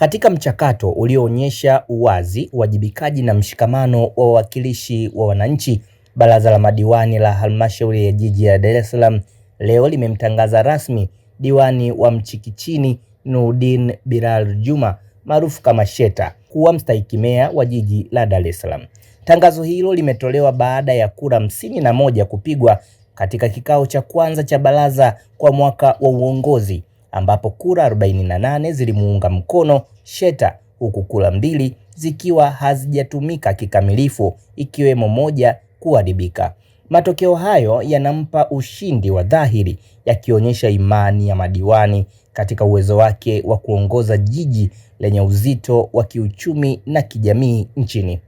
katika mchakato ulioonyesha uwazi, uwajibikaji na mshikamano wa wawakilishi wa wananchi, Baraza la Madiwani la Halmashauri ya Jiji la Dar es Salaam leo limemtangaza rasmi diwani wa Mchikichini Nurdin Bilal Juma maarufu kama Sheta kuwa mstahiki meya wa jiji la Dar es Salaam. Tangazo hilo limetolewa baada ya kura hamsini na moja kupigwa katika kikao cha kwanza cha baraza kwa mwaka wa uongozi ambapo kura 48 zilimuunga mkono Sheta huku kura mbili zikiwa hazijatumika kikamilifu ikiwemo moja kuharibika. Matokeo hayo yanampa ushindi wa dhahiri yakionyesha imani ya madiwani katika uwezo wake wa kuongoza jiji lenye uzito wa kiuchumi na kijamii nchini.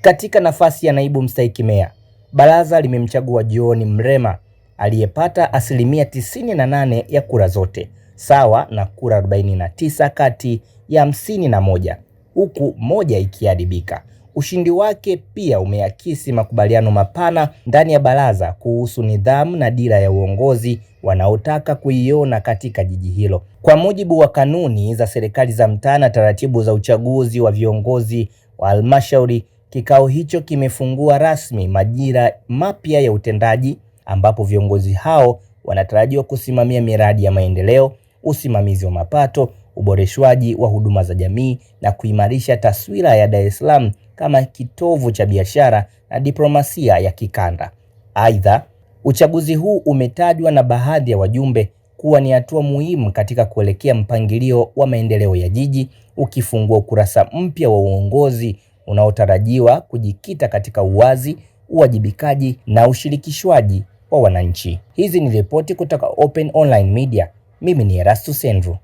Katika nafasi ya naibu mstahiki meya, baraza limemchagua John Mrema aliyepata asilimia 98 ya kura zote sawa na kura 49 kati ya hamsini na moja huku moja ikiharibika. Ushindi wake pia umeakisi makubaliano mapana ndani ya baraza kuhusu nidhamu na dira ya uongozi wanaotaka kuiona katika jiji hilo. Kwa mujibu wa kanuni za serikali za mtaa na taratibu za uchaguzi wa viongozi wa halmashauri, kikao hicho kimefungua rasmi majira mapya ya utendaji ambapo viongozi hao wanatarajiwa kusimamia miradi ya maendeleo usimamizi wa mapato, uboreshwaji wa huduma za jamii na kuimarisha taswira ya Dar es Salaam kama kitovu cha biashara na diplomasia ya kikanda. Aidha, uchaguzi huu umetajwa na baadhi ya wajumbe kuwa ni hatua muhimu katika kuelekea mpangilio wa maendeleo ya jiji, ukifungua ukurasa mpya wa uongozi unaotarajiwa kujikita katika uwazi, uwajibikaji na ushirikishwaji wa wananchi. Hizi ni ripoti kutoka Open Online Media. Mimi ni Erastus Andrew.